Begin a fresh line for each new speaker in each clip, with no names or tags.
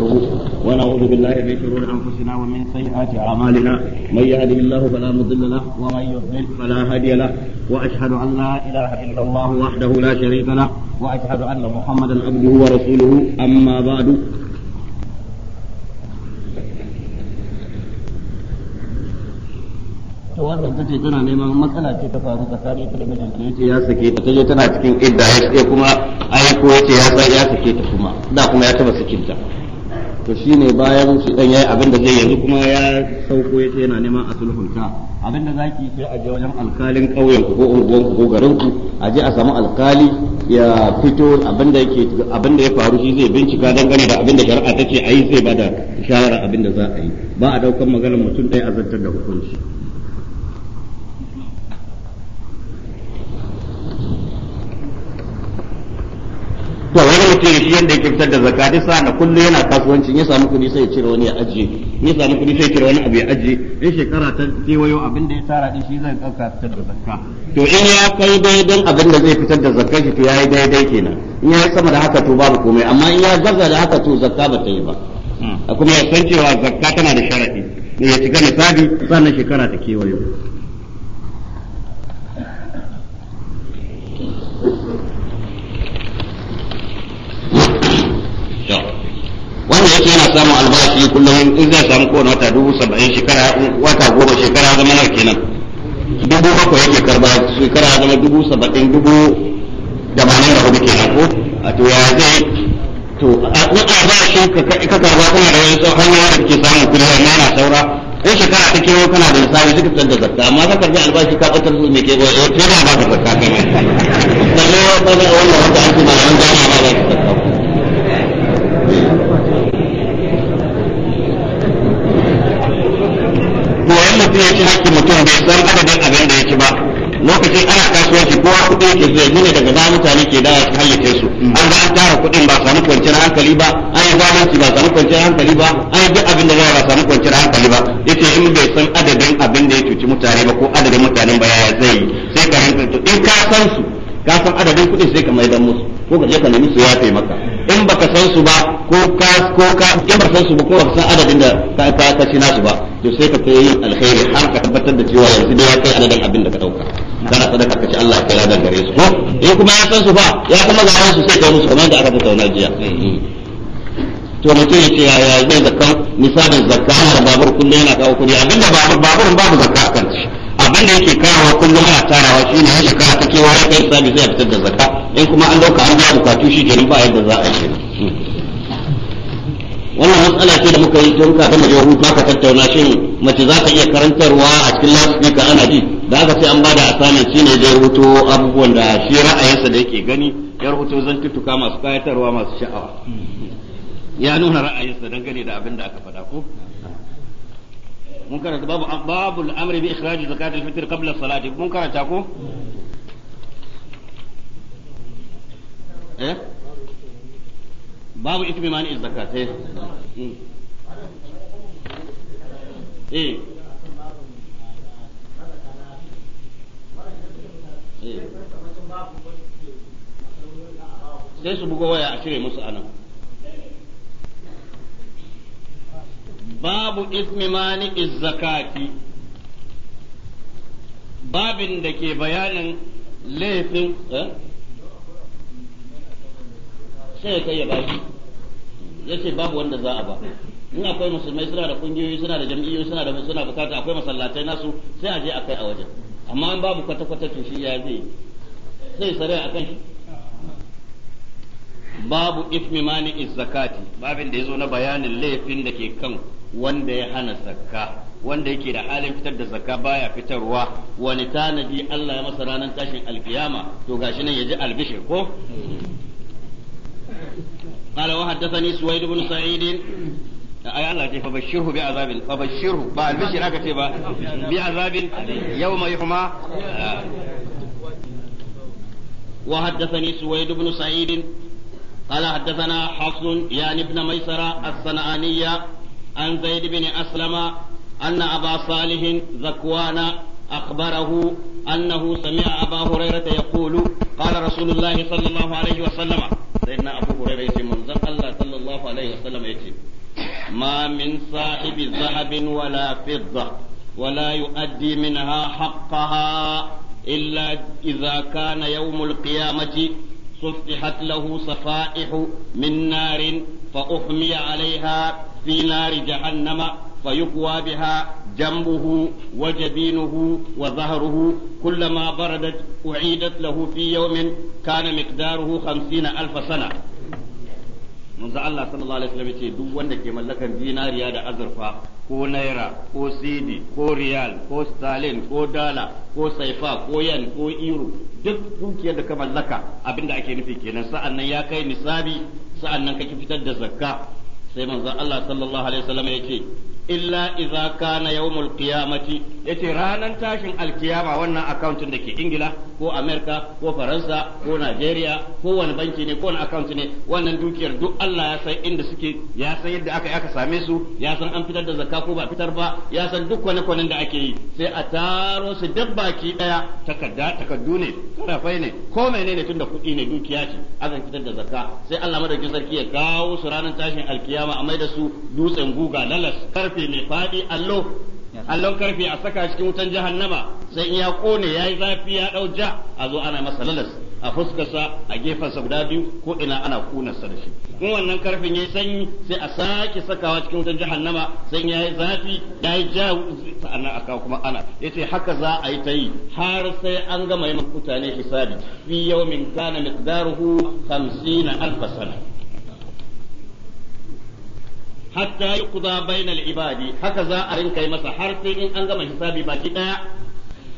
نستغفره ونعوذ بالله من شرور انفسنا ومن سيئات اعمالنا من يهده الله فلا مضل له ومن يضلل فلا هادي له واشهد ان لا اله الا الله وحده لا شريك له واشهد ان محمدا عبده ورسوله اما بعد to wannan tace tana neman matsala ce ta faru tsakanin ita da mijinta yace ya sake ta taje tana cikin idda ya kuma aiko yace ya sai ya sake ta kuma da kuma ya taba sakinta to shi ne bayan shi dan yayi abin da zai yanzu kuma ya sauko ya ce yana neman a sulhunta abin da zaki ke a je wajen alkalin kauyen ko unguwan ko garin ku a je a samu alkali ya fito abin da da ya faru shi zai bincika dangane da abin da shari'a ta ce ayi sai bada shawara abin da za a yi ba a daukan maganar mutum ɗaya a zartar da hukunci yake shi yadda yake fitar da zakka duk sa'a na kullu yana kasuwanci ya samu kuɗi sai ya cire wani ya ajiye ya samu kuɗi sai ya cire wani abu ya ajiye in shekara ta kewayo abin da ya tara din shi zai ɗauka fitar da zakka to in ya kai daidai abin da zai fitar da zakka shi to ya yi daidai kenan in ya yi sama da haka to babu komai amma in ya gaza da haka to zakka ba ta yi ba kuma ya san cewa zakka tana da sharaɗi ne ya shiga nisabi sannan shekara ta kewayo yana samun albashi kullum in zai samu kowane wata dubu saba'in shekara wata goma shekara zama nawa kenan dubu bakwai yake karba shekara zama dubu saba'in dubu tamanin da hudu kenan ko a to ya zai to a in albashin ka karba kana da wani hanyoyi da kake samun kuɗi amma yana saura in shekara ta kewa kana da misali duka fitar da zakka amma ka karbi albashi ka ɓatar su ne ke ba ya ba ba ka zakka kai mai
sannan wannan wanda an ce malaman jami'a ba za su zakka
koyan mutum ya ci hakkin mutum bai san adadin abin da ya ci ba lokacin ana kasuwanci kowa kuɗi yake zuwa gina daga da mutane ke da hayyacin su an ga an tara kuɗin ba samu kwanciyar hankali ba an yi zamanci ba samu kwanciyar hankali ba an yi duk abin da zai ba samu kwanciyar hankali ba yace in bai san adadin abin da ya cuci mutane ba ko adadin mutanen ba yaya zai yi sai ka hankali in ka san su ka san adadin kuɗin sai ka maidan musu ko ka je ka nemi su ya taimaka in baka san su ba ko ka ko ka in ba su ba ko ba san adadin da ka ka ka ci nasu ba to sai ka kai alkhairi har ka tabbatar da cewa yanzu da ya kai adadin abin da ka dauka kana sadaka ka ci Allah ya da gare su ko in kuma ya san su ba ya kuma ga su sai kai musu kamar da aka tattauna jiya to mutum ya ce ya ya zai zakka misalin zakka da babur kullum yana kawo kuɗi abin da babur baburun babu zakka akan shi abin da yake kawowa kullum ana tarawa shi ne shekara ta kewa ya kai sabi zai fitar da zakka in kuma an dauka an biya bukatu shi kenan ba yadda za a yi wannan matsala ce da muka yi tun kafin mu je hutu aka tattauna shin mace za ta iya karantarwa a cikin loudspeaker ana ji da aka ce an bada shi ne da rubuto abubuwan da shi ra'ayinsa da yake gani ya rubuto tuttuka masu kayatarwa masu sha'awa ya nuna ra'ayinsa gani da abin da aka faɗa ko mun karanta babu babu al'amri bi ikhraji zakat al-fitr qabla salati mun karanta ko eh babu ita ismi mani iz zakatai hmm.
eh. eh sai su bugo waya a shirya musu
anan babu ismi mani izzakati babin da ke bayanin laifin eh? sai ya kai ya bashi yace babu wanda za a ba in akwai musulmai suna da kungiyoyi suna da jam'iyyoyi suna da suna bukata akwai masallatai nasu sai a je a kai a wajen amma in babu kwata kwata to shi ya zai
sai sare a kan
shi babu ifmi mani is zakati babin da yazo na bayanin laifin da ke kan wanda ya hana zakka wanda yake da halin fitar da zakka baya fitarwa wani tanadi Allah ya masa ranar tashin alkiyama to gashi nan yaji albishir ko قال وحدثني سويد بن سعيد أي الله تي فبشره بعذاب فبشره بعد بشر أكتب بعذاب يوم يحمى وحدثني سويد بن سعيد قال حدثنا حفص يعني ابن ميسرة الصنعانية عن زيد بن أسلم أن أبا صالح ذكوان أخبره أنه سمع أبا هريرة يقول قال رسول الله صلى الله عليه وسلم سيدنا أبو هريرة من زق الله صلى الله عليه وسلم يتي ما من صاحب ذهب ولا فضة ولا يؤدي منها حقها إلا إذا كان يوم القيامة صفحت له صفائح من نار فأحمي عليها في نار جهنم فيقوى بها جنبه وجبينه وظهره كلما بردت أعيدت له في يوم كان مقداره خمسين ألف سنة manzo Allah sallallahu alaihi wasallam yace duk wanda ke mallakan dinariya da azurfa ko naira ko sidi ko riyal ko stalin ko dala ko saifa ko yan ko euro duk dukiyar da ka mallaka abinda ake nufi kenan sa'an nan ya kai nisabi sa'an nan kake fitar da zakka sai manzo Allah sallallahu alaihi wasallam yace illa idza kana yawmul qiyamati yace ranan tashin alkiyama wannan accountin da ke ingila ko amerika ko faransa ko najeriya ko wani banki ne ko wani account ne wannan dukiyar duk Allah ya san inda suke ya san yadda aka aka same su ya san an fitar da zakka ko ba fitar ba ya san duk wani kwanin da ake yi sai a taro su duk baki daya takarda takardu ne karafai ne ko menene tunda kuɗi ne dukiya ce akan fitar da zakka sai Allah madaukakin sarki ya kawo su ranar tashin alkiyama a maida su dutsen guga lalas karfe mai faɗi allo allon karfe a saka cikin wutan jahannama sai in ya kone ya yi zafi ya dau ja a zo ana masa lalas a fuskarsa a gefensa guda biyu ko ina ana kunarsa da shi in wannan karfin ya yi sanyi sai a sake sakawa cikin wutan jahannama sai ya yi zafi ya yi ja sa'annan aka kuma ana ya ce haka za a yi ta yi har sai an gama yi mutane hisabi fi min kana miqdaruhu 50 alf sana hatta yuqda bainal ibadi haka za a rinka yi masa har sai in an gama hisabi baki daya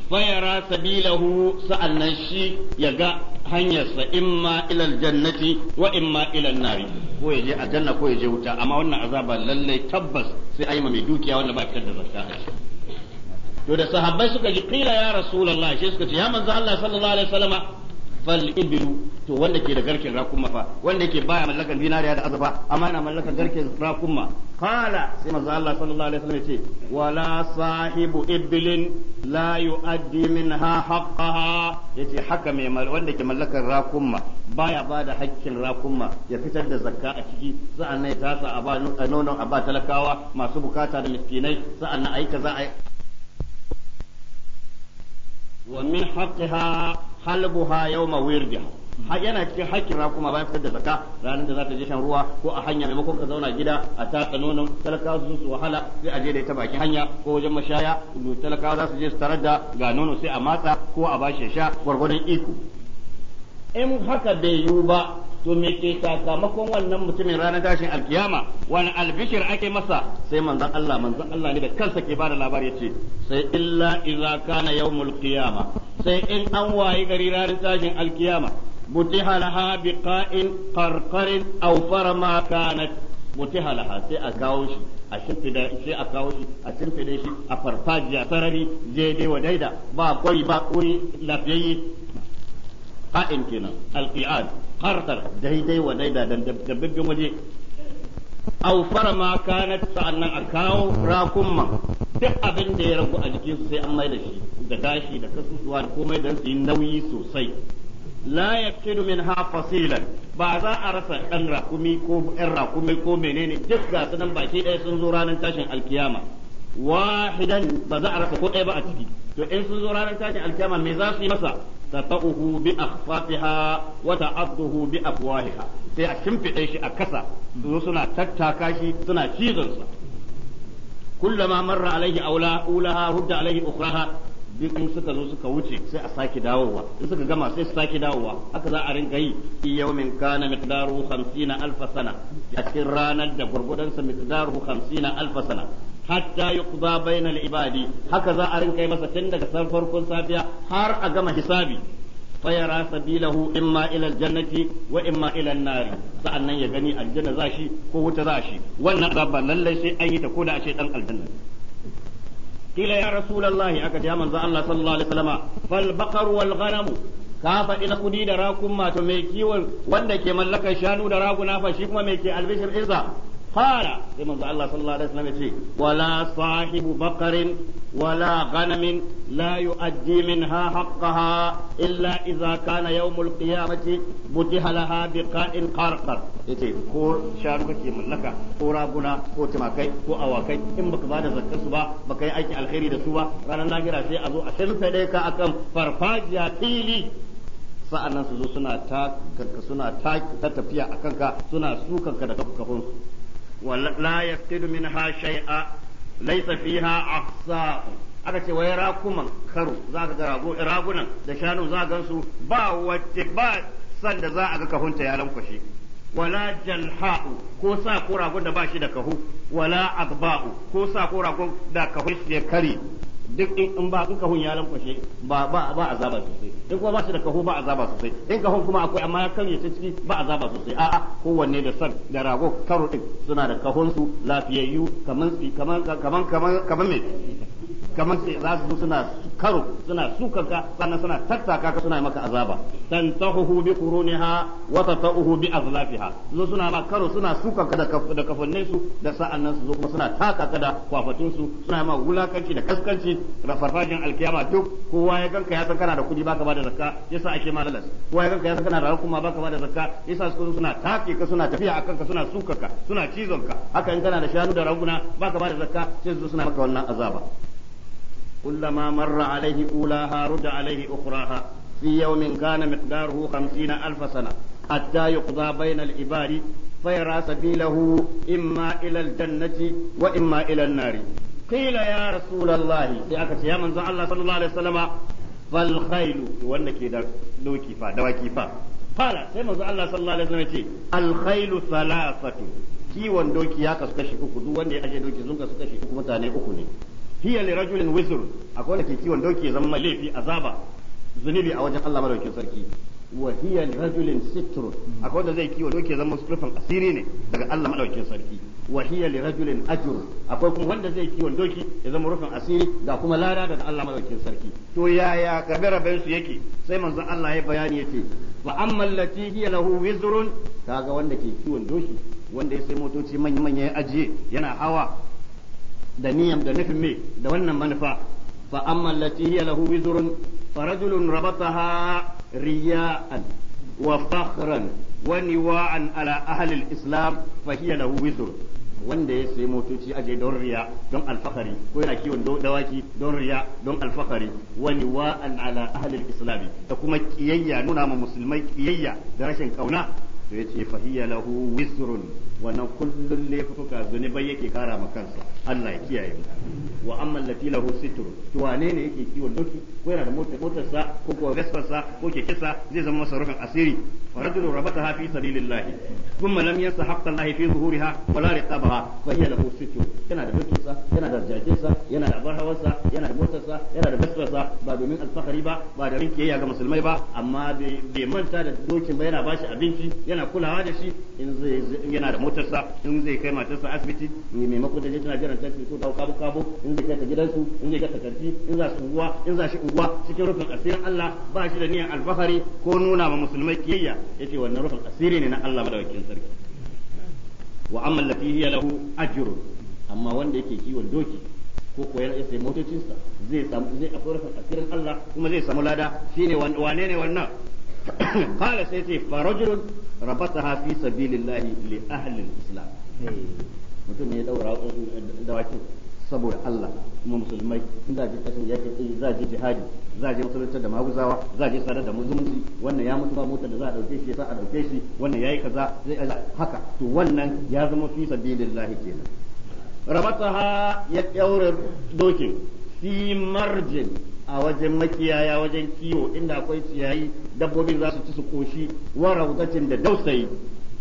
fayara sabilahu sa'annan shi ya ga hanyarsa imma ilal jannati wa imma ilal nari ko ya je aljanna ko ya je wuta amma wannan azaba lallai tabbas sai ayi mai dukiya wanda ba fitar da zakka a to da sahabbai suka ji qila ya rasulullahi sai suka ce ya manzo Allah sallallahu alaihi wasallama fal ibilu to wanda ke da garken rakuma fa wanda yake baya mallakan dinariya da azaba amma yana mallakan garken rakuma qala sai manzo Allah sallallahu alaihi wasallam yace wala sahibu ibilin la yuaddi minha haqqaha yace haka mai wanda ke mallakan rakuma baya bada hakkin rakuma ya fitar da zakka a ciki sa'an nan ya tasa a ba nonon a ba talakawa masu bukata da miskinai sa'an nan a yi. wa ومن حقها halbuha yawma wirdiha yana cikin hakkin ra kuma bayan fitar da zakka ranar da za ta je shan ruwa ko a hanya maimakon ka zauna gida a tatsa nonon talakawa su su wahala sai a je da ita bakin hanya ko wajen mashaya talakawa za su je su tarar da ga nono sai a matsa ko a bashi sha gwargwadon iko in haka bai yiwu ba to me ke sakamakon wannan mutumin ranar tashin alkiyama wani albishir ake masa sai manzon Allah manzon Allah ne da kansa ke bada labari yace sai illa idza kana yawmul qiyama sai in an wayi gari ranar tashin alkiyama mutiha laha biqa'in qarqarin aw farama kanat mutiha laha sai a kawo shi a shimfida sai a kawo shi a shimfide shi a farfajiya sarari je dai ba kwari ba kuri lafiyayye qa'im kenan alqi'ad ƙartar daidai wa daida dan dabbabin waje aw farama kanat sa'annan a kawo rakumman duk abin da ya ragu a jikin su sai an mai da shi da gashi da kasusuwa da komai da su yi nauyi sosai la yaqidu ha fasilan ba za a rasa ɗan rakumi ko ɗan rakumi ko menene duk ga su nan baki ɗaya sun zo ranar tashin alkiyama wahidan ba za a rasa ko ɗaya ba a ciki to in sun zo ranar tashin alkiyama me za su yi masa tata'uhu bi akhfatiha wa ta'adduhu bi afwahiha sai a shimfiɗe shi a kasa su suna tattaka shi suna cizon sa kullama marra alaihi aula ulaha rudda alaihi ukhraha in suka zo suka wuce sai a sake dawowa in suka gama sai su sake dawowa haka za a rinka yi fi yawmin kana miqdaru 50 alf sana a cikin ranar da gurgudan sa miqdaru 50 alf sana hatta yuqda bainal ibadi haka za a rinka masa tun daga farkon safiya har a gama hisabi fayara sabilahu imma ila aljannati wa imma ila an-nar sa'annan ya gani aljanna za shi ko wuta za shi wannan azaba lallai sai an yi ta koda a ce dan aljanna kila ya rasulullahi aka ja manzo Allah sallallahu alaihi wasallama fal baqar wal ghanam ka faɗi na kudi da rakun mato mai kiwon wanda ke mallakar shanu da raguna fa shi kuma mai ke albishir izza fara sai manzo Allah sallallahu alaihi wasallam yace wala sahibu baqarin wala ghanamin la yu'addi minha haqqaha illa idza kana yawmul qiyamati mutihalaha biqa'in qarqar yace ko sharu kake mallaka ko raguna ko timakai ko awakai in baka bada zakka su ba baka yi aikin alkhairi da su ba ranar lahira sai a zo a shirfe ka akan farfajiya fili sa'annan suna ta tafiya akan ka suna sukanka da kafafunsu ولا يفتد منها شيئا ليس فيها عصاء aka ce wai rakuman karo za ka ga ragunan da shanu za ga su ba wacce ba san da za a ga kahunta ya lankwashe wala jalha'u ko sa ko ragon da ba shi da kahu wala adba'u ko sa ko ragon da kahu ya kare duk in ba in kahun ya lankwashe ba ba ba azaba sosai in kuma ba shi da kaho ba azaba sosai in kahun kuma akwai amma karye ta ciki ba azaba sosai a'a kowanne da san da rago karo din suna da kahon su lafiyayyu kaman kaman kaman kaman me kamar za su suna karo suna sukar ka sannan suna tattaka ka suna maka azaba dan tahuhu bi quruniha wa tatahu bi azlafiha zo suna ba karo suna sukar ka da kafannin su da sa'annan su zo kuma suna taka ka da kwafatun su suna ma wulakanci da kaskanci da farfajin alkiyama duk kowa ya ganka ya san kana da kudi baka bada zakka yasa ake ma lalas kowa ya ganka ya san kana da hukuma baka bada zakka yasa su suna take ka suna tafiya akan ka suna sukar ka suna cizon ka haka in kana da shanu da raguna baka bada zakka sai su suna maka wannan azaba كلما مر عليه أولاها رد عليه أخراها في يوم كان مقداره خمسين ألف سنة حتى يقضى بين العباد فيرى سبيله إما إلى الجنة وإما إلى النار قيل يا رسول الله يا من الله صلى الله عليه وسلم فالخيل وأنك دوكي فا دواكي فا قال سيما الله صلى الله عليه وسلم الخيل ثلاثة kiwon doki ya kasu kashi uku duk wanda ya aje doki sun kasu kashi uku mutane uku ne hiya li rajulin wisr akwai wanda ke kiwon zunubi a wajen Allah madaukakin sarki wa hiya li rajulin sitr akwai zai kiwon asiri ne daga sarki wa akwai kuma wanda zai kiwon doki ya zama rufin asiri ga kuma lada daga Allah sarki to yaya gabe su yake sai manzan Allah ya bayani yace wa amma lahu kaga wanda kiwon doki wanda ya sai motoci manya-manya ya ajiye yana hawa da niyyam da nufin me da wannan manufa fa amma allati hiya lahu wizrun fa rajulun rabataha riya'an wa fakhran wa niwa'an ala ahli al-islam fa hiya lahu wizrun wanda ya sayi motoci aje don riya don alfahari ko yana kiwon dawaki don riya don alfahari wani wa'an ala ahlil islami da kuma kiyayya nuna ma musulmai kiyayya da rashin kauna to ya ce fahiya lahu wisrun wannan kullun laifuka bai yake kara ma kansa Allah ya kiyaye mu wa amma allati lahu sitr to wane ne yake kiwon doki ko yana da motar motar sa ko ko gaspar sa ko keke sa zai zama masa asiri wa rajulu rabataha fi sabilillah thumma lam yasa haqqa Allah fi zuhuriha wa la riqabaha fa hiya lahu sitr yana da dokin sa yana da jakin sa yana da abar sa yana da motar sa yana da gaspar sa ba domin alfahari ba ba da rinke ga musulmai ba amma bai manta da dokin ba yana bashi abinci yana kulawa da shi in zai yana da matarsa in zai kai matarsa asibiti ne maimako da tana jiran taxi ko dawo kabo kabo in zai kai ta gidansu in zai kai ta karfi in za su unguwa in za shi unguwa cikin rufin asirin Allah ba shi da niyan alfahari ko nuna ma musulmai kiyayya yace wannan rufin asiri ne na Allah madawakin sarki wa amma lati hiya lahu ajrun amma wanda yake kiwon doki ko ko yana sai motocinsa zai samu zai akwai rufin asirin Allah kuma zai samu lada shine wane ne wannan قال sai فرجل ربطها في سبيل fi لأهل الإسلام ahli islam mutum ne ya daura dawakin saboda Allah kuma musulmai in za a je kasan yaki za a je jihadi za a je musuluntar da maguzawa za a je sadar da muzumunci wannan ya mutu ba motar da za a dauke shi ya sa a dauke shi wannan yayi kaza zai haka to wannan ya zama fi sabilillahi kenan rabataha ya daure dokin fi marjin a wajen makiyaya wajen kiwo inda akwai ciyayi dabbobin za su ci su koshi wa rawdatin da dausayi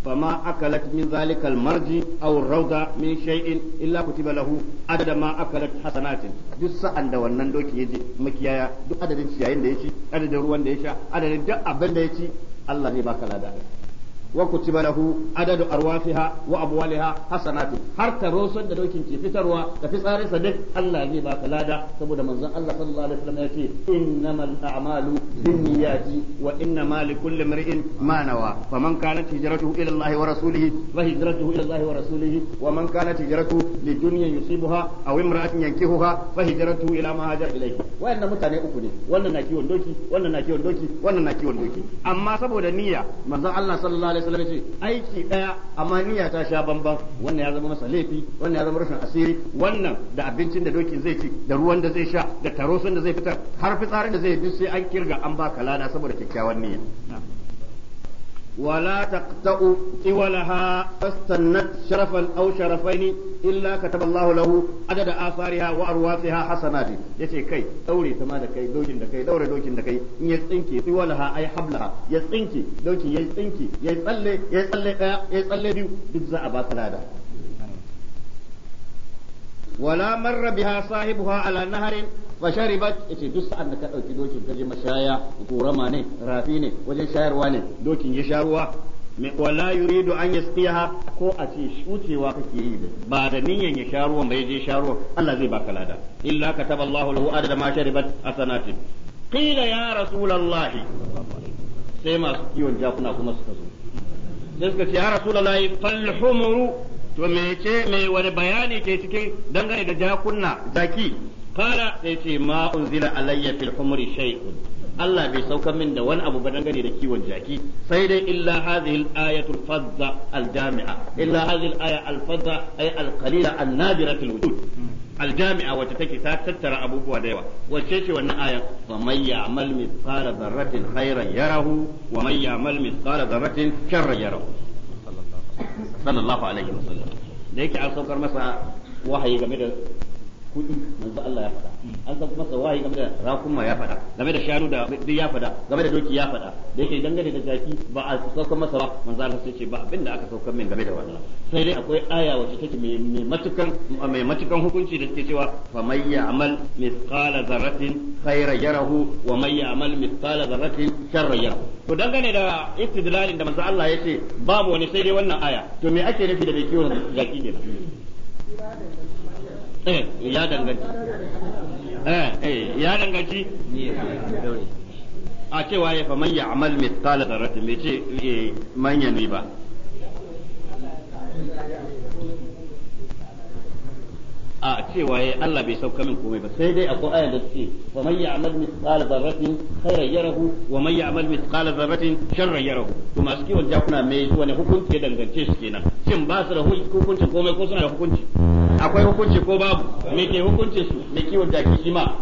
فما akalat min ذلك المرج aw الروضة min shay'in illa kutiba lahu adada ma akalat hasanatin duk sa'an da wannan doki yaje makiyaya duk adadin ciyayin da ya ci adadin ruwan da ya sha adadin duk abin da ya ci Allah zai baka lada wa kutiba lahu adadu arwafiha wa abwaliha hasanatu har ta rosar da dokin ke fitarwa da fitsarin sa duk Allah zai baka lada saboda manzon Allah sallallahu alaihi wasallam yace innamal a'malu binniyati wa innama likulli imrin ma nawa faman kanat hijratuhu ila Allah wa rasulihi wa hijratuhu ila Allah wa rasulihi wa man kanat hijratuhu lidunya yusibuha aw imra'atin yankihuha fa hijratuhu ila ma hajar ilayhi wayannan mutane uku ne wannan na kiwon doki wannan na kiwon doki wannan kiwon doki amma saboda niyya manzon Allah alaihi wasallam yace aiki daya amma niyya ta sha bamban wannan ya zama masa laifi wannan ya zama rashin asiri wannan da abincin da dokin zai ci da ruwan da zai sha da tarosan da zai fitar har fitsarin da zai bi sai an kirga an ba kalana saboda kyakkyawan niyya ولا تقطع طولها فاستنت شرفا أو شرفين إلا كتب الله له عدد آثارها وأرواثها حسنات يتي كي دوري تما دا كي دوجين دا كي دوري دوجين دا كي يسنكي طولها أي حبلها يسنكي دوجي يسنكي يسلي يسلي يسلي بيو بجزاء باطلادا ولا مر بها صاحبها على نهر fa sharibat yace duk sa'an da ka dauki dokin ka je mashaya korama ne rafi ne wajen shayarwa ne dokin ya sharuwa wala yuridu an yasqiha ko a ce wucewa kake yi ba da niyan ya sha ruwan je sha Allah zai baka lada illa kataba Allahu lahu adada ma sharibat asanatin qila ya rasulullah sai masu kiwon jakuna kuma suka zo sai suka ce ya rasulullah fal humru to me ce me wani bayani ke cikin dangane da jakunna zaki qala sai ce ma unzila alayya fil humri shay'un Allah bai saukar min da wani abu ba dangane da kiwon jaki sai dai illa hadhihi al-ayatu fadda al-jami'a illa hadhihi al-aya al-fadda ay al-qalila nadira fil wujud al-jami'a take ta tattara abubuwa da yawa wacce ce wannan aya wa ya'mal mithqala dharratin yarahu wa ya'mal mithqala dharratin sharran yarahu sallallahu alaihi wasallam da yake an saukar masa wahayi game da kudi manzo Allah ya faɗa hmm. an san kuma tsawai game da rakuma ya faɗa game da shanu da duk ya faɗa game da doki ya faɗa da yake dangane da zaki ba a saukar masa ba manzo Allah sai ce ba abin da aka saukar min game da wannan sai dai akwai aya wacce take mai matukan mai matukan hukunci da take cewa fa may ya'mal mithqala dharratin khayra yarahu wa may ya'mal mithqala dharratin sharra yarahu to dangane da istidlalin da manzo Allah ya ce babu wani sai dai wannan aya to me ake nufi da bai kiwon zaki kenan
eh ya danganci eh, eh ya danganci
a cewa ya fa man ya'mal mithqala dharratin me ce eh, man ba a cewa ya Allah bai sauka min komai ba sai dai akwai ayar da suke wa man ya'mal mithqala dharratin khairan yarahu wa man ya'mal mithqala dharratin sharran yarahu to masu kiwon jakuna mai zuwa ne hukunci ya dangance su kenan shin ba su da hukunci komai ko suna da hukunci akwai hukunci ko babu me ke hukuncin su me kiwon jaki shi ma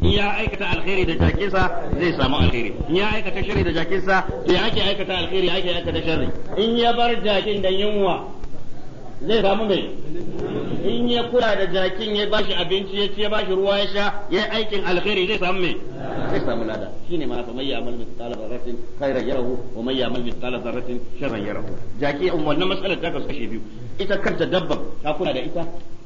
in ya aikata alkhairi da jakinsa zai samu alkhairi in ya aikata shari da jakinsa to ya ake aikata alkhairi ya ake aikata shari in ya bar jakin da yunwa zai samu mai in ya kula da jakin ya bashi abinci ya ci ya bashi ruwa ya sha ya aikin alkhairi zai samu mai zai samu lada shine ma fa mai ya'mal mithqala dharratin khairan yarahu wa mai ya'mal mithqala dharratin sharran yarahu jaki um wannan mas'alar ta kasu kashe biyu ita kanta dabba ta kula da ita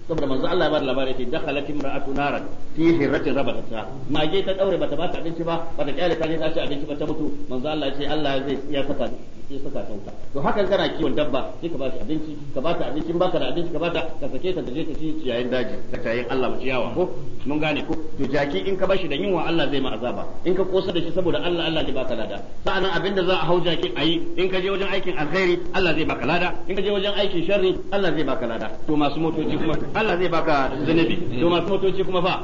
saboda manzo Allah ya bada labari ce dakhalat imra'atu naran fi hirratin rabatata mage ta daure bata ba ta abinci ba bata kyale ta ne ta ci abinci ba ta mutu manzo Allah ya ce Allah zai ya saka cikin sakatanka to hakan kana kiwon dabba sai ka ba shi abinci ka ba ta abinci ba ka da abinci ka ba ta ka sake ta je ta ci ciyayin daji da tayin Allah mu ciyawa ko mun gane ko to jaki in ka ba shi da yunwa Allah zai ma azaba in ka kosar da shi saboda Allah Allah zai baka lada sa'annan abinda za a hau jakin ayi in ka je wajen aikin alkhairi Allah zai baka lada in ka je wajen aikin sharri Allah zai baka lada to masu motoci kuma Allah zai baka zanabi to masu motoci kuma fa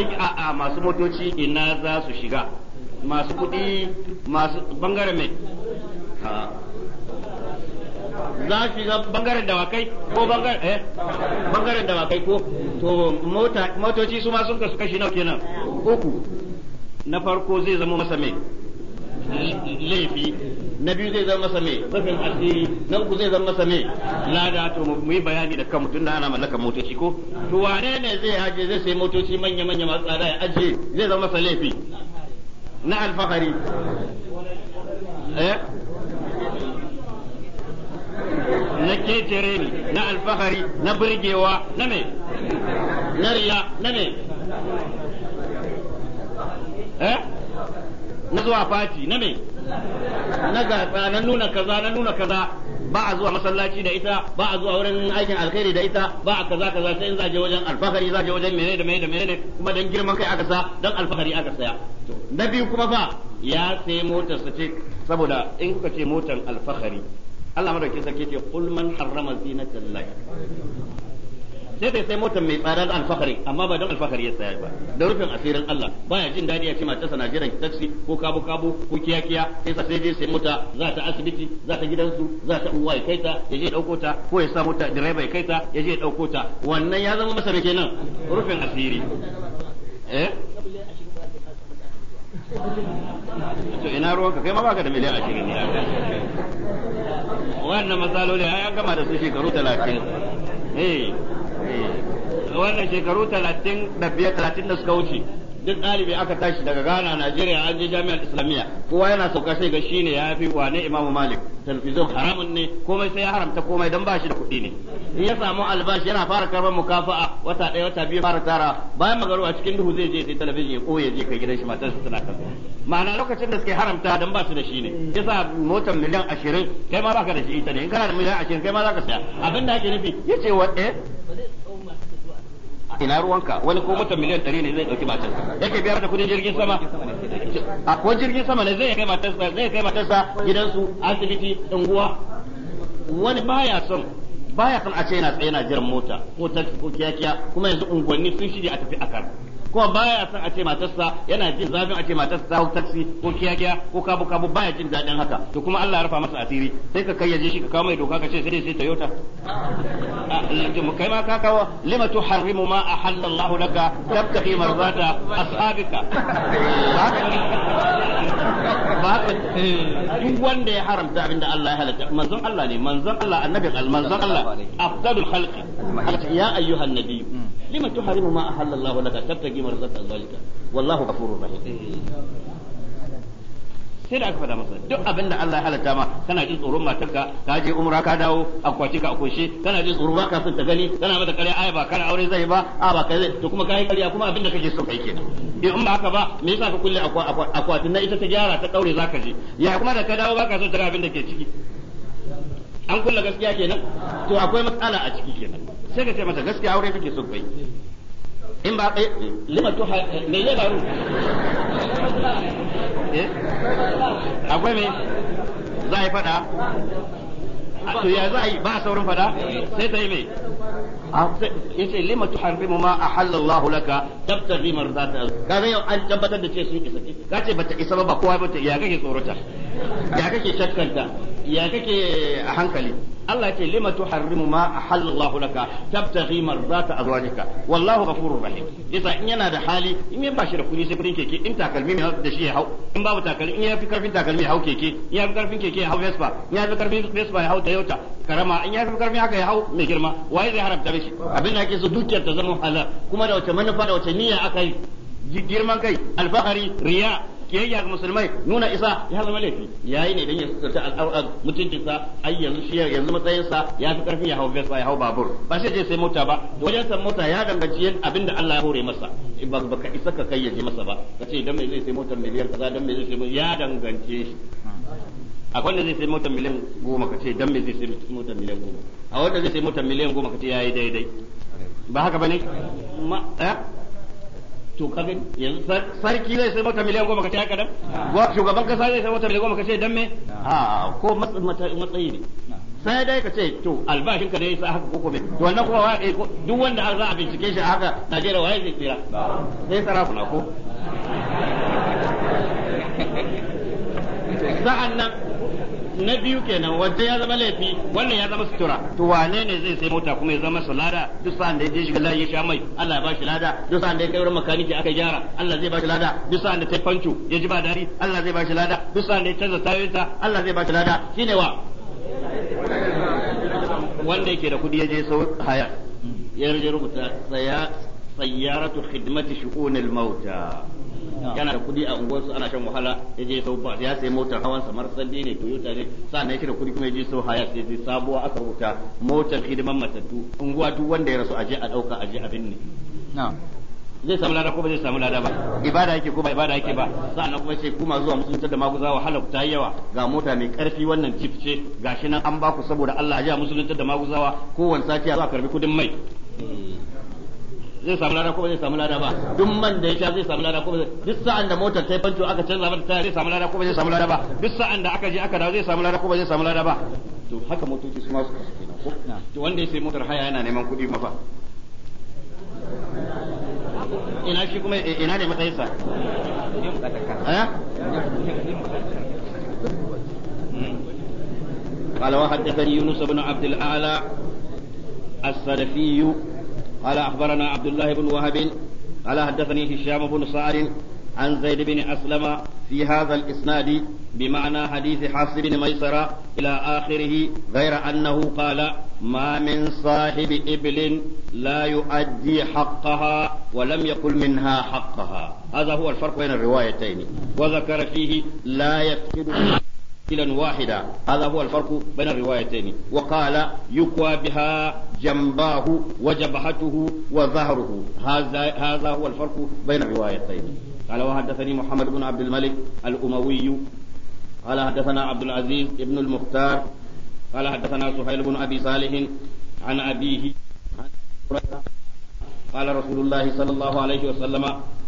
a masu motoci ina za su shiga masu kuɗi masu bangare mai za su shiga bangaren dawakai ko bangaren da eh, bangaren dawakai ko to mota motoci su ma sun kasu kashi nawa kenan uku na farko zai zama masa mai laifi na biyu zai zama masa mai rufin asiri na uku zai zama masa mai lada to mu yi bayani da kan mutum da ana mallaka motoci ko to wane ne zai haje zai sai motoci manya manya masu tsada ya ajiye zai zama masa laifi Eh? na alfahari na kekere ne na alfahari na birgewa na me na riya na me eh na zuwa fati na me na gasa na nuna kaza na nuna kaza ba a zuwa masallaci da ita ba a zuwa wurin aikin alkhairi da ita ba a kaza kaza sai in je wajen alfahari zaje wajen menene da menene da menene kuma dan girman kai aka sa dan alfahari aka saya na biyu kuma fa ya sai motar sa ce saboda in kuka ce motar alfahari Allah madauki sarki ce kul man harrama zinata sai dai sai motar mai tsadar alfahari amma ba don alfahari ya saya ba da rufin asirin Allah baya jin dadi ya ce mata sana jiran taxi ko kabu kabu ko kiya kiya sai sa sai je sai mota za ta asibiti za ta gidansu za ta uwa ya kaita ya je dauko ta ko ya sa mota direba ya kaita ya je dauko ta wannan ya zama masa kenan rufin asiri eh
to ina ruwan ka kai ma baka da miliyan ashirin ne
wannan matsaloli ai an gama da su shekaru talatin eh, eh. wannan shekaru talatin da biyar talatin da suka wuce duk ɗalibi aka tashi daga Ghana Najeriya an je jami'ar Islamiyya kowa yana sauka sai ga shine ya fi wane Imam Malik talfizon haramun ne komai sai ya haramta komai dan ba shi da kuɗi ne in ya samu albashi yana fara karban mukafa'a wata ɗaya wata biyu fara tara bayan a cikin duhu zai je sai talabijin ya koya je kai gidan shi matar shi tana kallo ma'ana lokacin da suke haramta dan ba da shi ne yasa motar miliyan ashirin kai ma baka da shi ita ne in kana da miliyan ashirin kai ma zaka saya abinda ake nufi yace wa eh ina ruwanka wani ko mutum miliyan ɗari ne zai ɗauki matar yake biyar da kudin jirgin sama a ko jirgin sama ne zai kai matarsa zai kai matarsa gidansu asibiti unguwa wani baya son baya kan a ce yana tsaye yana jiran mota ko ta ko kiyakiya kuma yanzu unguwanni sun shirya a tafi akar kuma baya son a ce matarsa yana jin zafin a ce matarsa ta taxi ko kiyakiya ko kabu kabu baya jin daɗin haka to kuma Allah ya rufa masa asiri sai ka kayyaje shi ka kawo mai doka ka ce sai sai Toyota
ah,
kai ma ka kawo lima tuharrimu ma ahalla Allah laka tabtaqi marzata ashabika ba duk wanda ya haramta abinda Allah ya halatta manzon Allah ne manzon Allah annabin manzon Allah afdalul khalqi ya ayyuhan nabiyyu لما تحرم ما أحل الله لك تبتغي مرضات ذلك والله غفور رحيم sai da aka faɗa masa duk abin da Allah ya halatta ma kana jin tsoron matarka ka je umra ka dawo a kwace ka a kunshe kana jin tsoron ka son ta gani kana mata kare ai ba kana aure zai ba a ba kai to kuma kai kariya kuma abin da kake so kai kenan in ba haka ba me yasa ka kulle akwatin na ita ta gyara ta daure zaka je ya kuma da ka dawo ka son ta abin da ke ciki an kulle gaskiya kenan to akwai matsala a ciki kenan sai ka ce mata gaskiya aure kake so kai in ba eh lima to me ne ba eh akwai me za a yi fada
to ya za a yi ba saurin fada sai
ta yi me ce lima mu ma ahalla Allah laka ta marzata kaga yau an tabbatar da ce sun isa ce bata isa ba kowa ta ya kake tsorota ya kake shakkanta ya kake a hankali Allah ce lima tuharrimu ma ahallallahu laka tabtaghi marzata azwajika wallahu ghafurur rahim yasa in yana da hali in yin bashi da kudi sai kudin keke in takalmi ne da shi ya hau in babu takalmi in ya fi karfin takalmi ya hau keke in ya fi karfin keke ya hau vespa in ya fi karfin vespa ya hau toyota karama in ya fi karfin haka ya hau mai girma waye zai haramta mishi abin da ake so dukiyar ta zama halal kuma da wace manufa da wace niyya aka yi girman kai alfahari riya kiyayya ga musulmai nuna isa ya zama laifi yayi ne dan ya sukurta al'aurar mutuntinsa ai yanzu shi yanzu matsayinsa ya fi karfi ya hau gasa ya hau babur ba sai je sai mota ba wajen san mota ya danganci yin abin da Allah ya hore masa ba ka isa ka kai ya je masa ba ka ce dan me zai sai motar miliyar kaza dan me zai sai ya dangance shi akwai wanda zai sai motar miliyan goma ka ce dan me zai sai motar miliyan goma a wanda zai sai motar miliyan goma ka ce yayi daidai ba haka bane to kaga yanzu sarki zai sai maka miliyan goma ka ce kadan wa shugaban kasa zai sai maka miliyan goma ka ce dan me a ko matsayi ne sai dai ka ce to albashin ka dai sai haka koko me to wannan kuma wa eh, duk wanda an za a bincike shi haka Najeriya waye zai tsira sai sarakuna ko sa'annan na biyu kenan wanda ya zama laifi wannan ya zama sutura to wane ne zai sai mota kuma ya zama lada. duk sa'an da ya shiga layi sha mai Allah ya bashi lada duk sa'an da ya kai wurin makaniki aka gyara Allah zai bashi lada duk sa'an da ta fanco ya ji ba dadi Allah zai bashi lada duk sa'an da ya canza tayoyinsa Allah zai bashi lada shine wa wanda yake da kudi ya je sau haya ya rubuta sayyaratu khidmati shu'unil mauta yana da kudi a unguwarsu ana shan wahala ya je sau ba ya sai motar hawan samar sandi ne toyota ne sannan yake da kudi kuma ya je sau haya sai sabuwa aka rubuta motar hidiman matattu unguwa duk wanda ya rasu aje a ɗauka aje a binne zai samu lada ko ba zai samu lada ba ibada yake ko ba ibada yake ba na kuma sai kuma zuwa musulunta da maguza wahala ta yawa ga mota mai karfi wannan cif ce gashi nan an baku saboda Allah ya musulunta da maguzawa kowanne sati a zuwa karbi kudin mai eh. zai samu lada ko ba zai samu lada ba duk man da ya sha zai samu lada ko ba duk sa'an da motar ta fanto aka canza mata taya zai samu lada ko ba zai samu lada ba duk sa'an da aka je aka dawo zai samu lada ko ba zai samu lada ba to haka motoci su ma su kasu kenan ko to wanda ya sai motar haya yana neman kuɗi mafa ina shi kuma eh, ina ne matsayinsa قال وحدثني يونس بن عبد الاعلى السلفي قال أخبرنا عبد الله بن وهب قال حدثني هشام بن صار عن زيد بن أسلم في هذا الإسناد بمعنى حديث حفص بن ميسرة إلى آخره غير أنه قال ما من صاحب إبل لا يؤدي حقها ولم يقل منها حقها هذا هو الفرق بين الروايتين وذكر فيه لا يفقد كلا واحدا هذا هو الفرق بين الروايتين وقال يكوى بها جنباه وجبهته وظهره هذا هذا هو الفرق بين الروايتين قال وحدثني محمد بن عبد الملك الأموي قال حدثنا عبد العزيز بن المختار قال حدثنا سهيل بن أبي صالح عن أبيه عن قال رسول الله صلى الله عليه وسلم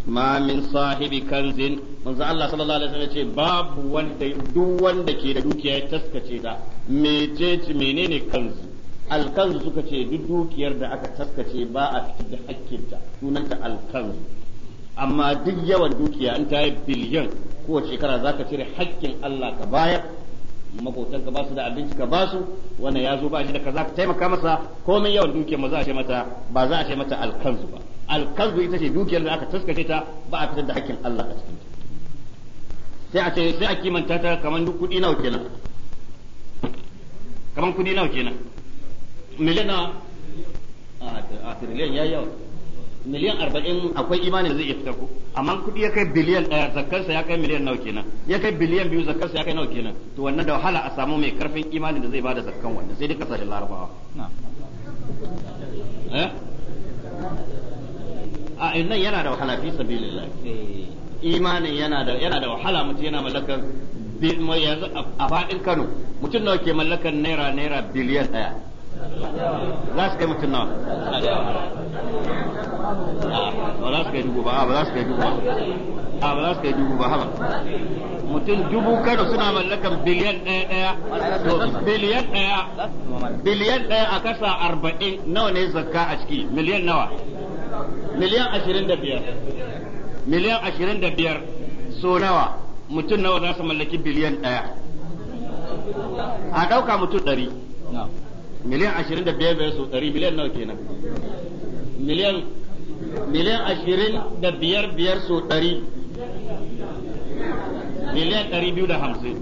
ma min sahibi kanzin manzo Allah sallallahu alaihi wasallam ce babu wanda duk wanda ke da dukiya ya taskace da mecece menene kanzu alkanzu suka ce duk dukiyar da aka taskace ba a fiti da hakkinta sunanta alkanzu amma duk yawan dukiya in ta yi biliyan kowace shekara zaka cire hakkin Allah ka bayar makotanka ba su da abinci ka ba su wannan ya zo ba shi da kaza ka taimaka masa komai yawan dukiyar ma za a ce mata ba za a ce mata alkanzu ba alkazu ita ce dukiyar da aka taskace ta ba a fitar da hakkin Allah a cikin sai a ce sai a kimanta ta kaman duk kudi nawa kenan kaman kudi nawa kenan miliyan a a tiriliyan ya yawa miliyan arba'in akwai imanin zai iya fitar ko amma kudi ya kai biliyan ɗaya eh, zakarsa ya kai miliyan nawa kenan ya kai biliyan biyu zakarsa ya kai nawa kenan to wannan da wahala a samu mai karfin imanin da zai bada zakkan wannan sai dai kasashen larabawa eh a nan yana da wahala fi sabilillah eh. imanin yana da yana da wahala mutum yana mallakar yanzu a faɗin Kano mutum nawa ke mallakar naira naira biliyan ɗaya za su kai mutum nawa ba za su kai dubu ba ba za su kai dubu ba a ba za su kai dubu ba haba
mutum dubu Kano suna
mallakar biliyan ɗaya ɗaya to biliyan daya biliyan ɗaya a kasa arba'in nawa ne zakka a ciki miliyan nawa miliyan ashirin da biyar miliyan ashirin da biyar so nawa mutum nawa za su mallaki biliyan ɗaya a ɗauka mutum ɗari miliyan ashirin da biyar biyar so ɗari miliyan nawa kenan miliyan miliyan ashirin da biyar biyar so ɗari
miliyan ɗari biyu da hamsin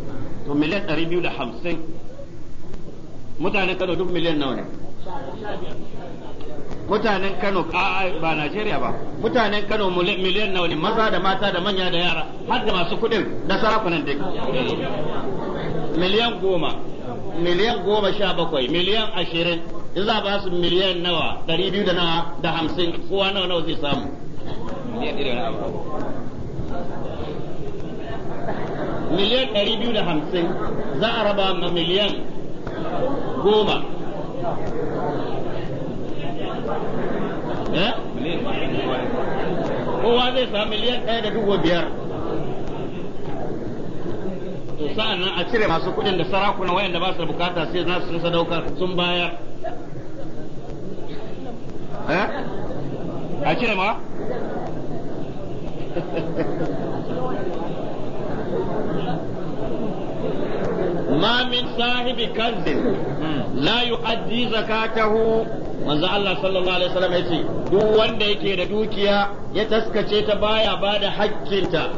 to miliyan ɗari biyu da hamsin mutane kano duk miliyan nawa ne mutanen Kano ba Najeriya ba mutanen Kano miliyan nawa ne maza da mata da manya da yara har da masu kudin da sarakunan duk miliyan goma miliyan goma sha bakwai miliyan ashirin in za ba su miliyan nawa ɗari biyu da nawa da hamsin kowa nawa nawa zai samu miliyan ɗari biyu da hamsin za a raba ma miliyan goma Eh? kowa zai samu miliyan ɗaya da dubu biyar to sa'an nan a cire masu kuɗin da sarakuna wayanda ba su bukata sai na sun sadaukar sun bayar
eh?
a cire ma ما من صاحب كنز لا يؤدي زكاته manzo Allah sallallahu alaihi wasallam yace duk wanda yake da dukiya ya taskace ta baya bada hakkinta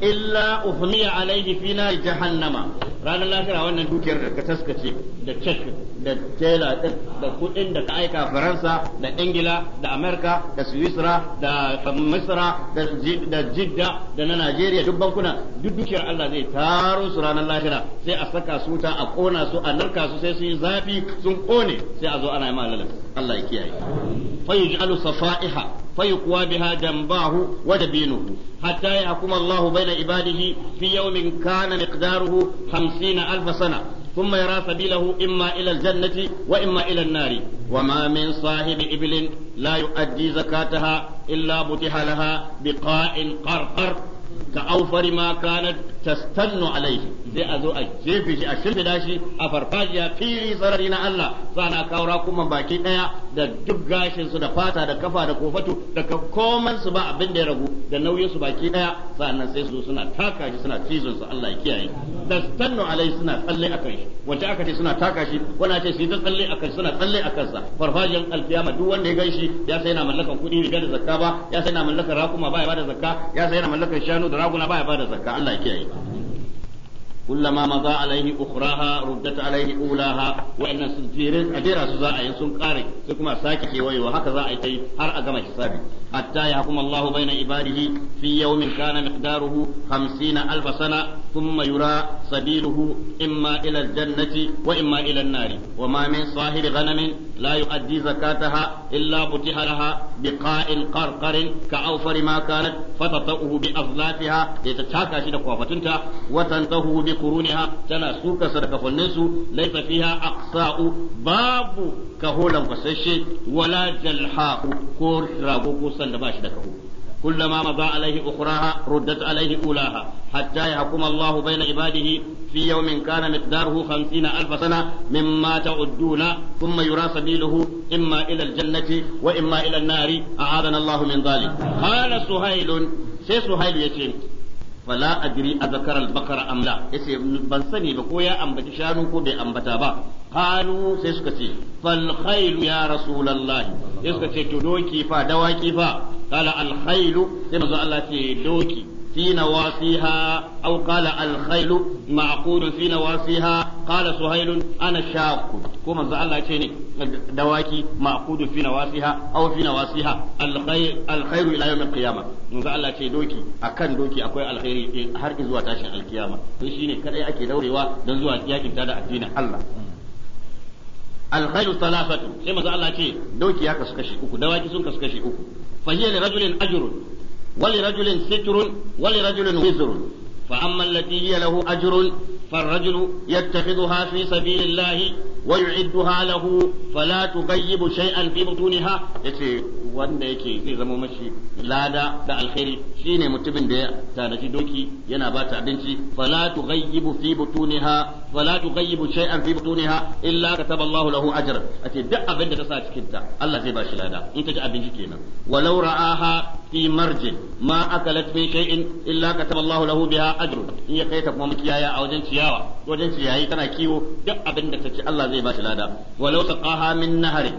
illa uhmiya alaihi fi nar jahannama ranar lahira wannan dukiyar da ka taskace da cek da tela da kudin da ka aika faransa da ingila da amurka da swisra da misra da jidda da na najeriya duk bankuna duk dukiyar allah zai taro su ranar lahira sai a saka su ta a kona su a narka su sai sun yi zafi sun kone sai a zo ana yi malalar allah ya kiyaye fa alu safa'iha فيقوى بها جنباه وجبينه حتى يحكم الله بين عباده في يوم كان مقداره خمسين ألف سنة ثم يرى سبيله إما إلى الجنة وإما إلى النار وما من صاحب إبل لا يؤدي زكاتها إلا بتح لها بقاء قرقر كأوفر ما كانت tastannu alaihi zai a zo a jefe shi a da shi a farfajiya fili sarari na Allah sana kawo rakuman baki daya da duk gashin su da fata da kafa da kofatu da koman su ba abin da ya ragu da nauyin su baki daya sannan sai su suna taka shi suna cizon su Allah ya kiyaye tastannu alaihi suna tsalle akan shi wanda aka ce suna taka shi wanda ce shi ta tsalle akan suna tsalle akan sa farfajiyan alfiyama duk wanda ya ganshi ya sai yana mallakan kuɗi riga da zakka ba ya sai yana mallakan rakuma ba ya ba da zakka ya sai yana mallakan shanu da raguna ba ya ba da zakka Allah ya kiyaye
كلما مضى عليه
أخراها ردت عليه أولاها وإن سنتيرين أدير سزاء ينسون قاري سكما ساكي وي وهكذا أيتي هر أقام حسابي حتى يحكم الله بين عباده في يوم كان مقداره خمسين ألف سنة ثم يرى سبيله إما إلى الجنة وإما إلى النار وما من صاحب غنم لا يؤدي زكاتها إلا بتح لها بقاء قرقر كأوفر ما كانت فتطأه بأظلافها لتتشاكى شدك وفتنتا وتنتهه بقرونها تنا سوك صدق فالناس ليس فيها أقصاء باب كهولا فسشي ولا جلحاء كور رابوكو سندباش دكهو كلما مضى عليه أخراها ردت عليه أولاها حتى يحكم الله بين عباده في يوم كان مقداره خمسين ألف سنة مما تعدون ثم يرى سبيله إما إلى الجنة وإما إلى النار أعاذنا الله من ذلك قال سهيل سي سهيل يتيم fala adri azkar al-baqara am la yace ban sani ba ko ya ambaci shanu ko bai ambata ba qalu sai suka ce fal khayl ya rasulullah sai suka ce to doki fa dawaki fa qala al khayl sai manzo Allah ce doki في نوافيها أو قال الخيل معقول في نوافيها قال سهيل أنا شاق كما زعل الله دواكي معقود في نوافيها أو في نوافيها الخير, الخير إلى يوم القيامة من زعل الله دوكي أكن دوكي أكوي الخير هر إزوى تاشن القيامة ويشيني كرأي أكي دوري ودنزوى ياكي تدع الدين الله الخير ثلاثة سيما maza الله ce دوكي ya kasu أكو دواكي dawaki sun أكو فهي لرجل أجر ولرجل ستر ولرجل وزر فأما التي هي له أجر فالرجل يتخذها في سبيل الله ويعدها له فلا تغيب شيئا في بطونها wanda yake zai zama mashi lada da alkhairi shine mutumin da ya tanaji doki yana ba ta abinci fala tughayyibu fi butuniha fala tughayyibu shay'an fi butuniha illa kataba Allahu lahu ajran ace duk abin da ta sa cikin ta Allah zai ba shi lada in ta ji abinci kenan walau ra'aha fi marjin ma akalat min shay'in illa kataba Allahu lahu biha ajrun in ya kai ta kuma makiyaya a wajen ciyawa wajen ciyayi tana kiwo duk abin da ta ci Allah zai ba shi lada walau taqaha min nahari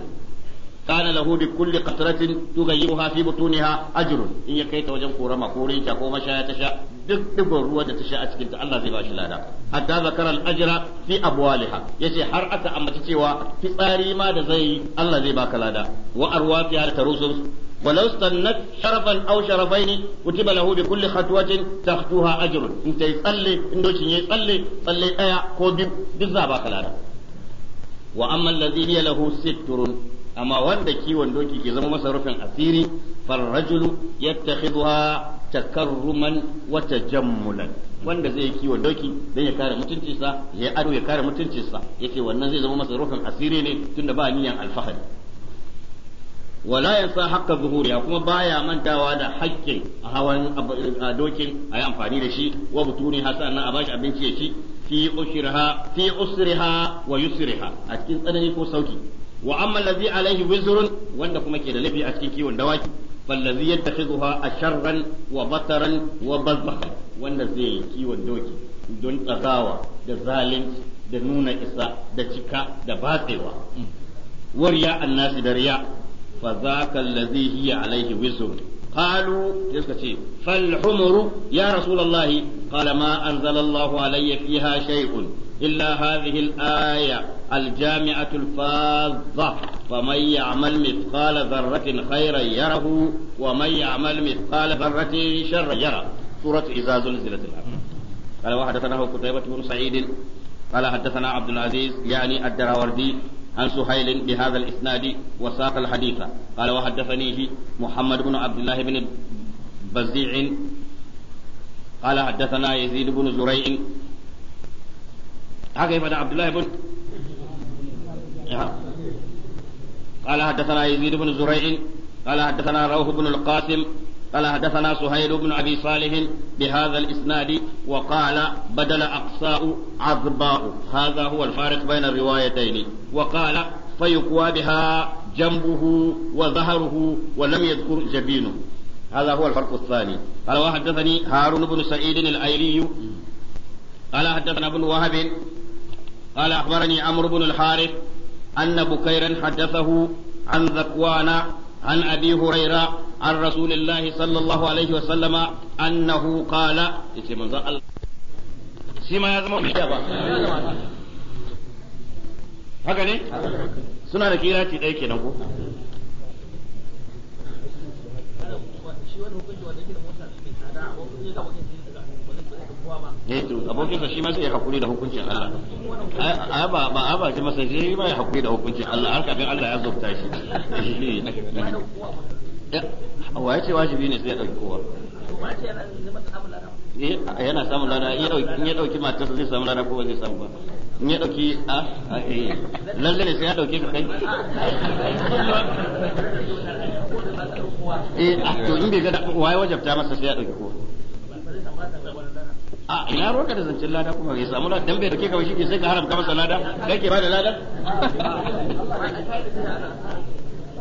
kana lahu bi tuka qatratin tughayyiruha fi butuniha ajrun in ya kai ta wajen korama ko rinja ko mashaya ta sha duk dubin ruwa da ta sha a cikin ta Allah zai ba shi lada hatta zakara al ajra fi abwaliha har aka ambaci cewa fitsari ma da zai Allah zai baka lada wa arwafiha da ta ولو استنت شرفا او شرفين كتب له بكل خطوه تخطوها اجر انت يصلي اندوشي يصلي صلي ايا كو بيو دزا باكلانا واما الذي هي له ستر amma wanda kiwon doki ke zama masa rufin asiri farrajulu yattakhidha takarruman wa tajammulan wanda zai kiwon doki dan ya kare mutuncinsa ya ado ya kare mutuncinsa yake wannan zai zama masa rufin asiri ne tunda ba niyan alfahari wala ya sa haqqa zuhuriya kuma baya mantawa da haƙƙin hawan dokin a yi amfani da shi wa butuni hasan a bashi abinci ya ci fi usriha fi usriha wa yusriha a cikin tsanani ko sauki wa amma allazi alaihi wizrun wanda kuma ke da laifi a cikin kiwon dawaki fallazi yattakhizuha asharran wa bataran wa bazbahan wanda zai kiwon doki don tsagawa da zalunci da nuna isa da cika da batsewa wariya annasi da riya fa zaka allazi hiya alaihi wizrun قالوا يسكتي فالحمر يا رسول الله قال ما أنزل الله علي فيها شيء إلا هذه الآية الجامعة الفاظة فمن يعمل مثقال ذرة خيرا يره ومن يعمل مثقال ذرة شرا يره سورة إذا زلزلت الأرض قال وحدثناه قتيبة بن سعيد قال حدثنا عبد العزيز يعني الدراوردي عن سهيل بهذا الإسناد وساق الحديث قال وحدثنيه محمد بن عبد الله بن بزيع قال حدثنا يزيد بن زريع haka yaba da abdullahi ibn قال حدثنا يزيد بن زريع قال حدثنا روح بن القاسم قال حدثنا سهيل بن ابي صالح بهذا الاسناد وقال بدل اقصاء عذباء هذا هو الفارق بين الروايتين وقال فيقوى بها جنبه وظهره ولم يذكر جبينه هذا هو الفرق الثاني قال وحدثني هارون بن سعيد الايلي قال حدثنا ابن وهب قال أخبرني عمرو بن الحارث أن بكيرا حدثه عن ذكوان عن أبي هريرة عن رسول الله صلى الله عليه وسلم أنه قال سيما يزمون haka ne suna da kirati ɗaya kenan ko
shi wani hukunci wanda yake da mota mai tsada a wajen da wajen
eh to abokin sa shi ma sai ya hakuri da hukuncin Allah a ba ba a ba shi shi ma ya hakuri da hukuncin Allah har kafin Allah ya zubta shi wa ya ce wajibi ne sai ya dauki kowa
eh, yana samun lada in ya dauki matar zai samu lada
ko zai samu ba in ya dauki a ah, ah, eh. lalle ne sai ya dauke ka kai eh ah, to in bai ga wai wajabta masa sai ya dauki kowa
a ina roka da zancen lada kuma ya samu lada dan bai dake kawai shi sai ka haramta masa lada kai ke bada lada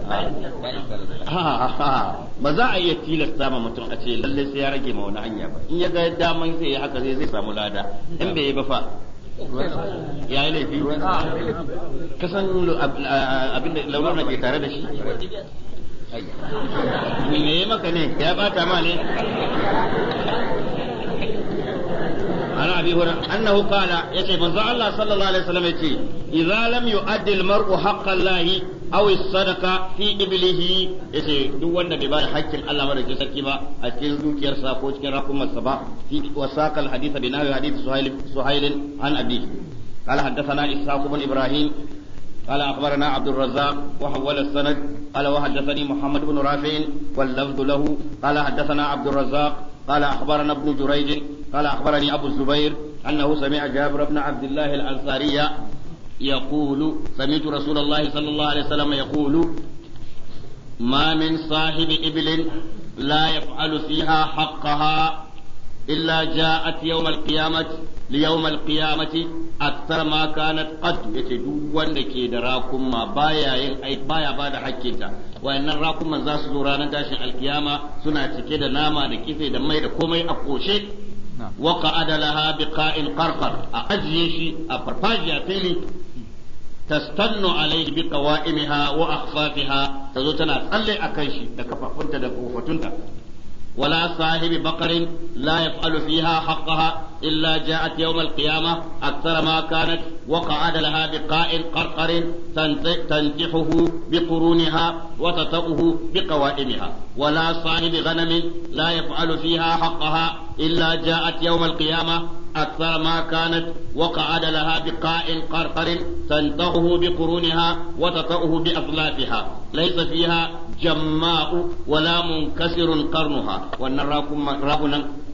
ah, ah, ah.
ba za a iya tilasta ma mutum a ce lallai sai ya rage ma wani hanya ba in ya ga daman sai ya haka zai samu lada in bai yi ba fa ya yi laifi ka san abin da launar na ke tare da shi me maka ne ya bata ma ne ana abi hurairah yace manzo lam yu'addi maru haqqan lahi aw fi iblihi duk wanda bai bada haƙƙin Allah madaukakin sarki ba a cikin dukiyarsa ko cikin rakumarsa ba fi wasaqa al-hadith bi nawi قال حدثنا بن قال عبد الرزاق وحول السند قال وحدثني محمد بن رافع واللفظ له قال حدثنا عبد الرزاق قال ابن جريج قال أخبرني أبو الزبير أنه سمع جابر بن عبد الله الأنصاري يقول سمعت رسول الله صلى الله عليه وسلم يقول ما من صاحب إبل لا يفعل فيها حقها إلا جاءت يوم القيامة ليوم القيامة أكثر ما كانت قد يتدون لكي دراكم ما بايا أي بايا بعد حكيتا وإن الراكم من ذا سدورانا داشن القيامة سنة كده ناما لكيفي دمي لكومي أقوشي waka adalaha laha biqa'in qarqar a ajiye shi a farfajiya fili tastannu alaihi bi qawa'imiha wa akhfafiha tazo tana tsalle akan shi da kafafunta da kofatunta wala sahibi baqarin la yaf'alu fiha haqqaha إلا جاءت يوم القيامة أكثر ما كانت وقعد لها بقاء قرقر تنتحه بقرونها وتطأه بقوائمها ولا صاحب غنم لا يفعل فيها حقها إلا جاءت يوم القيامة أكثر ما كانت وقعد لها بقاء قرقر تنتحه بقرونها وتطأه بأطلافها ليس فيها جماء ولا منكسر قرنها وأن راكم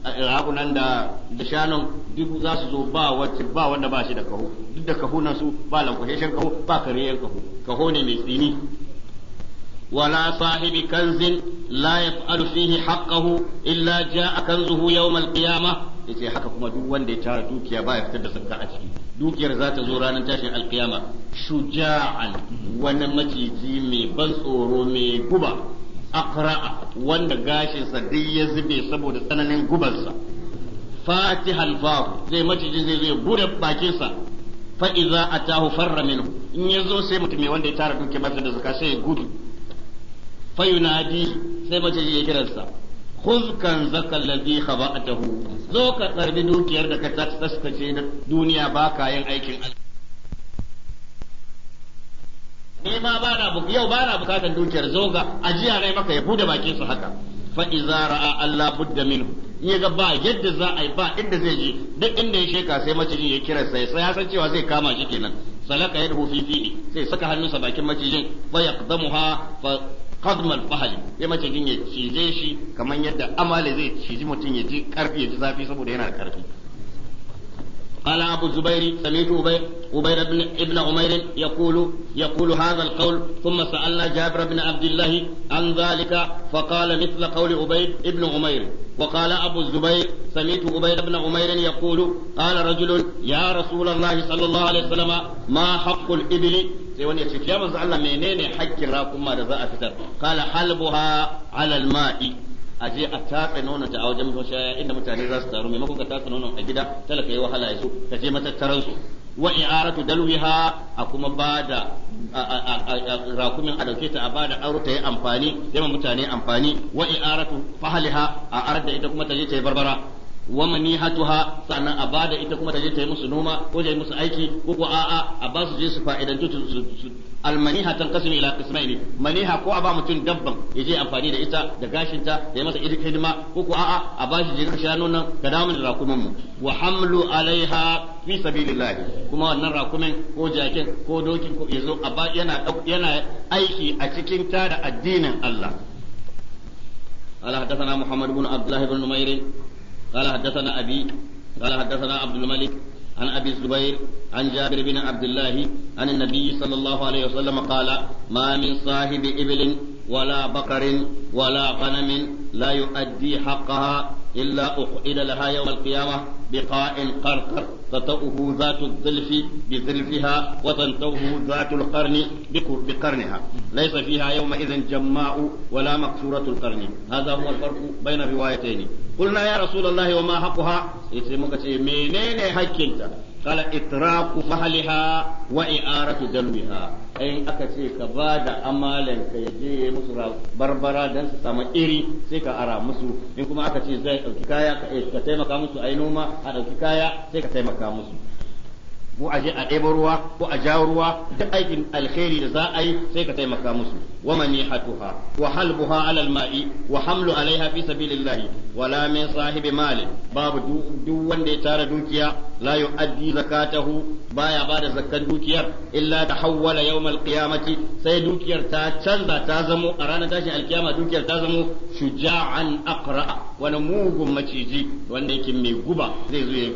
ragunan da da shanun duk za su zo ba wacce ba wanda ba shi da kaho duk da kahunan su ba lankwasheshen kaho ba kariyan kaho kaho ne mai tsini Wala sahibi kanzin la yaf'alu illa ja illa ja'a kanzuhu yawm al-qiyamah yace haka kuma duk wanda ya tara dukiya ba ya fitar da sakka a ciki dukiyar za ta zo ranar tashin alkiyama shuja'an wani maciji mai ban tsoro mai guba aqra'a wanda gashinsa duk ya zube saboda tsananin gubansa Fati fahu zai macijin zai zai bude bakinsa fa a atahu farra minhu in yazo sai mutum wanda ya tara duke masa da zaka sai ya gudu fa yunadi sai macijin ya kiransa khuz kanzaka alladhi khaba'atahu zo ka karbi dukiyar da ka taskace na duniya baka yin aikin Allah ni ma ba na yau ba na bukatan dukiyar zoga ajiya ne maka ya bude bakin su haka fa iza ra'a Allah budda minhu in ga ba yadda za a yi ba inda zai je duk inda ya sheka sai macijin ya kira sai sai ya san cewa zai kama shi kenan salaka yadhu fi fihi sai saka hannunsa bakin macijin fa yaqdamuha fa qadma al-fahl ya macijin ya cije shi kamar yadda amale zai ciji mutum ya ji karfi ya ji zafi saboda yana da karfi قال أبو الزبير سمعت أبير بن ابن عمير يقول يقول هذا القول ثم سألنا جابر بن عبد الله عن ذلك فقال مثل قول أبير ابن عمير وقال أبو الزبير سمعت أبير بن عمير يقول قال رجل يا رسول الله صلى الله عليه وسلم ما حق الإبل sai wani ya ce ya manzo Allah menene hakkin raƙuma da za a fitar a je a tatsa nonon ta a wajen mashaya inda mutane za su taru maimakon ka tatsa nonon a gida talaka yi wahala ya so ka je matattaran su wa i'aratu dalwiha a kuma bada rakumin a dauke ta a bada aro ta yi amfani yamma mutane amfani wa i'aratu fahliha a arda ita kuma ta je ta yi barbara wa manihatuha sannan a bada ita kuma ta ta yi musu noma ko ta yi musu aiki ko ko a'a a ba su je su fa'idantu su almaniha tanqasimu ila qismaini maniha ko a ba mutum dabban ya je amfani da ita da gashinta da ya masa hidima ko ko a'a a ba shi je ka shanu nan ka damu da rakuman mu wa hamlu alaiha fi sabilillah kuma wannan rakumin ko jakin ko dokin ko yazo a ba yana yana aiki a cikin tada addinin Allah Allah حدثنا muhammad بن عبد الله بن قال حدثنا أبي قال حدثنا عبد الملك عن أبي الزبير عن جابر بن عبد الله عن النبي صلى الله عليه وسلم قال ما من صاحب إبل ولا بقر ولا غنم لا يؤدي حقها إلا أخئل لها يوم القيامة بقاع القرقر تطؤه ذات الظلف بظلفها وتنتوه ذات القرن بقرنها ليس فيها يومئذ جماء ولا مكسورة القرن هذا هو الفرق بين الروايتين قلنا يا رسول الله وما حقها منين حكينتا قال إطراق فهلها وإعارة دلوها in aka ce ka ba da amalan ka ya je musu barbara don su samu iri sai ka ara musu in kuma aka ce zai ɗauki kaya ka taimaka musu a yi noma a ɗauki kaya sai ka taimaka musu ko a je a ɗebo ruwa ko a jawo ruwa duk aikin alkhairi da za a yi sai ka taimaka musu wa manihatuha wa halbuha ala alma'i wa hamlu alaiha fi sabilillahi wala min sahibi mali babu duk wanda ya tara dukiya la yu'addi zakatahu baya bada zakkan dukiyar illa tahawwala yawm alqiyamati sai dukiyar ta canza ta zamo a ranar tashin alkiyama dukiyar ta zamo shuja'an aqra wani mugun maciji wanda yake mai guba zai zo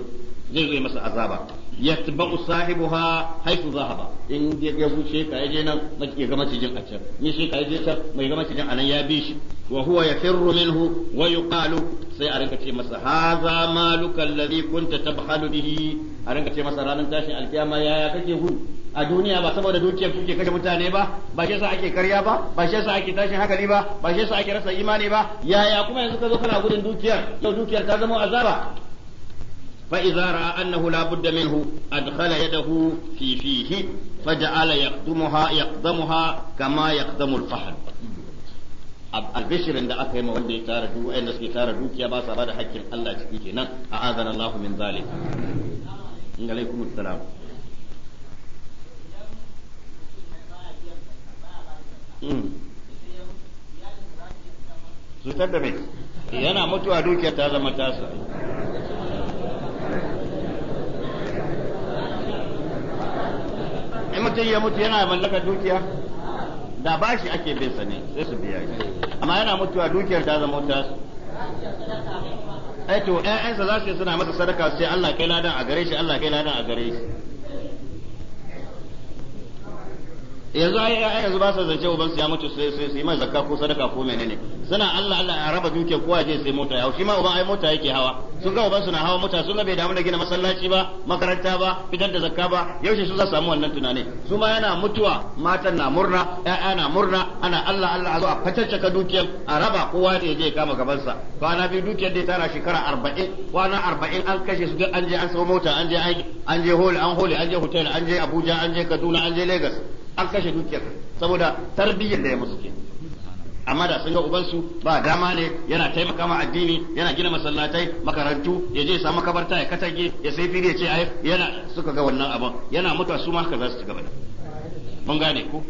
zai zo masa azaba yatba'u sahibuha haythu zahaba in ya bushe ka yaje nan mai ga macijin a can ni shi ka yaje can mai ga macijin anan ya bi shi wa huwa yafirru minhu wa yuqalu sai a rinka ce masa hadha maluka alladhi kunta tabhalu bihi a rinka ce masa ranar tashin alkiyama ya kake hu a duniya ba saboda dukiyar kuke kashe mutane ba ba shi yasa ake karya ba ba shi yasa ake tashin hankali ba ba shi yasa ake rasa imani ba yaya kuma yanzu ka zo kana gudun dukiyar yau dukiyar ta zama azaba فإذا رأى أنه لا بد منه أدخل يده في فيه فجعل يقدمها يقدمها كما يقدم الفحل albishirin da aka yi wanda ya tara duk wanda suke tara dukiya ba sa ba da hakkin Allah ciki kenan a azana Allah min zalik alaikum assalam mai yana mutuwa ta zama tasa mutum ya mutu yana mallaka dukiya da shi ake bin sa ne sai su biya shi amma yana mutuwa dukiyar ta zama ta su
to ƴaƴansa za su yi suna masa sadaka sai
Allah kai ladan a gare shi Allah kai ladan a gare shi yanzu ai ai yanzu ba su zance uban su ya mutu sai sai sai mai zakka ko sadaka ko menene suna Allah Allah a raba dukiyar kowa je sai mota yau shi ma uban ai mota yake hawa sun gama ubansu na hawa mota sun ga bai damu da gina masallaci ba makaranta ba fitar da zakka ba yaushe su za samu wannan tunani su ma yana mutuwa matan na murna 'ya'ya na murna ana Allah Allah a zo a fatacce dukiyar a raba kowa da ya je kama gabansa kwana biyu dukiyar da ta tara shekara 40 kwana 40 an kashe su duk an je an samu mota an je an je hole an hole an je hotel an je Abuja an je Kaduna an je Lagos an kashe dukiyar saboda tarbiyyar da ya musu kenan amma da sun ga ubansu ba dama ne yana taimaka ma addini yana gina masallatai makarantu ya je samu kabarta ya katage ya sai fili ya ce ai yana suka ga wannan abin yana mutuwa su ma haka za su ci gaba mun gane ko